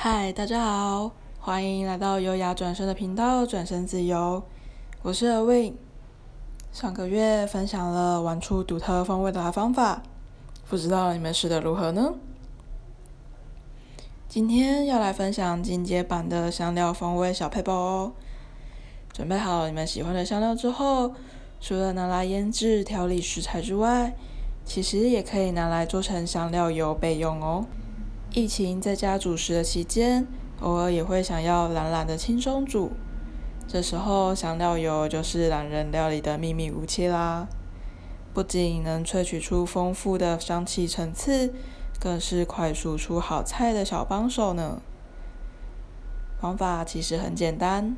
嗨，Hi, 大家好，歡迎來到優雅轉身的頻道，轉身自由，我是 Awind，上個月分享了玩出獨特風味的方法，不知道你們試得如何呢？今天要來分享進階版的香料風味小配包哦。準備好你們喜歡的香料之後，除了拿來醃製調理食材之外，其實也可以拿來做成香料油備用哦。疫情在家煮食的期間，偶爾也會想要懶懶的輕鬆煮，這時候香料油就是懶人料理的秘密武器啦！不僅能萃取出豐富的香氣層次，更是快速出好菜的小幫手呢。方法其實很簡單，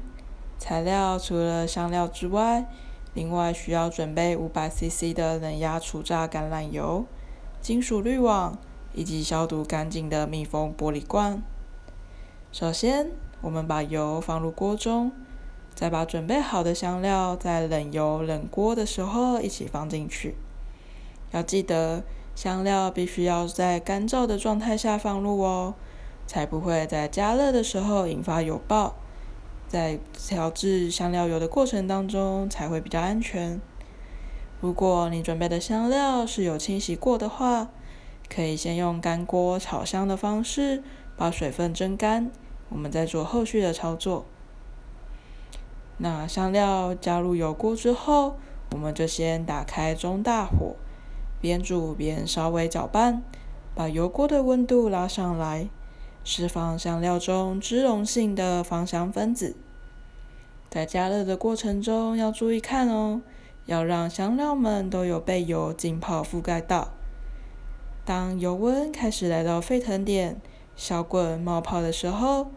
材料除了香料之外，另外需要準備五百 CC 的冷壓初榨橄欖油、金屬濾網。以及消毒乾淨的密封玻璃罐。首先，我們把油放入鍋中，再把準備好的香料在冷油冷鍋的時候一起放進去。要記得，香料必須要在乾燥的狀態下放入哦，才不會在加熱的時候引發油爆。在調製香料油的過程當中才會比較安全。如果你準備的香料是有清洗過的話。可以先用乾鍋炒香的方式把水分蒸乾，我們再做後續的操作。那香料加入油鍋之後，我們就先打開中大火，邊煮邊稍微攪拌，把油鍋的溫度拉上來，釋放香料中脂溶性的芳香分子。在加熱的過程中要注意看哦，要讓香料們都有被油浸泡覆蓋到。當油溫開始來到沸騰點，小滾冒泡的時候，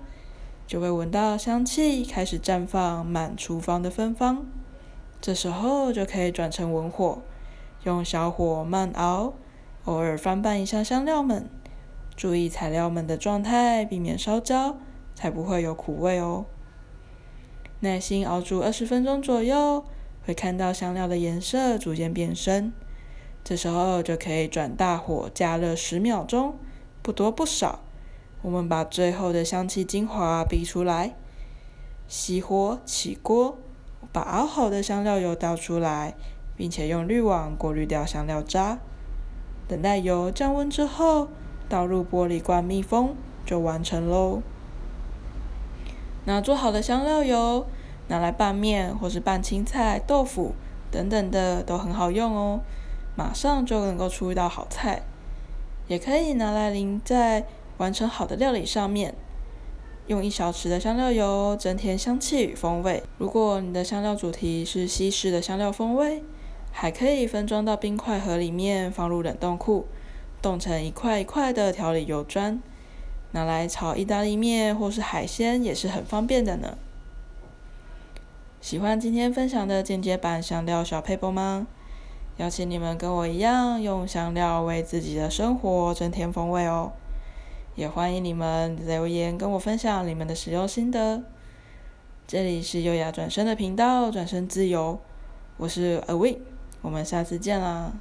就會聞到香氣開始綻放滿廚房的芬芳。這時候就可以轉成文火，用小火慢熬，偶爾翻拌一下香料們，注意材料們的狀態，避免燒焦，才不會有苦味哦。耐心熬煮二十分鐘左右，會看到香料的顏色逐漸變深。這時候就可以轉大火加熱十秒鐘，不多不少，我們把最後的香氣精華逼出來。熄火起鍋，把熬好的香料油倒出來，並且用濾網過濾掉香料渣。等待油降溫之後，倒入玻璃罐密封就完成嘍。那做好的香料油拿來拌面或是拌青菜、豆腐等等的都很好用哦。馬上就能夠出一道好菜，也可以拿來淋在完成好的料理上面，用一小匙的香料油增添香氣與風味。如果你的香料主題是西式的香料風味，還可以分裝到冰塊盒裡面，放入冷凍庫，凍成一塊一塊的調理油磚，拿來炒意大利麵或是海鮮也是很方便的呢。喜歡今天分享的簡潔版香料小配方嗎？邀請你們跟我一樣，用香料為自己的生活增添風味哦。也歡迎你們留言跟我分享你們的使用心得。這裡是優雅轉身的頻道，轉身自由，我是 Awind，我們下次見啦。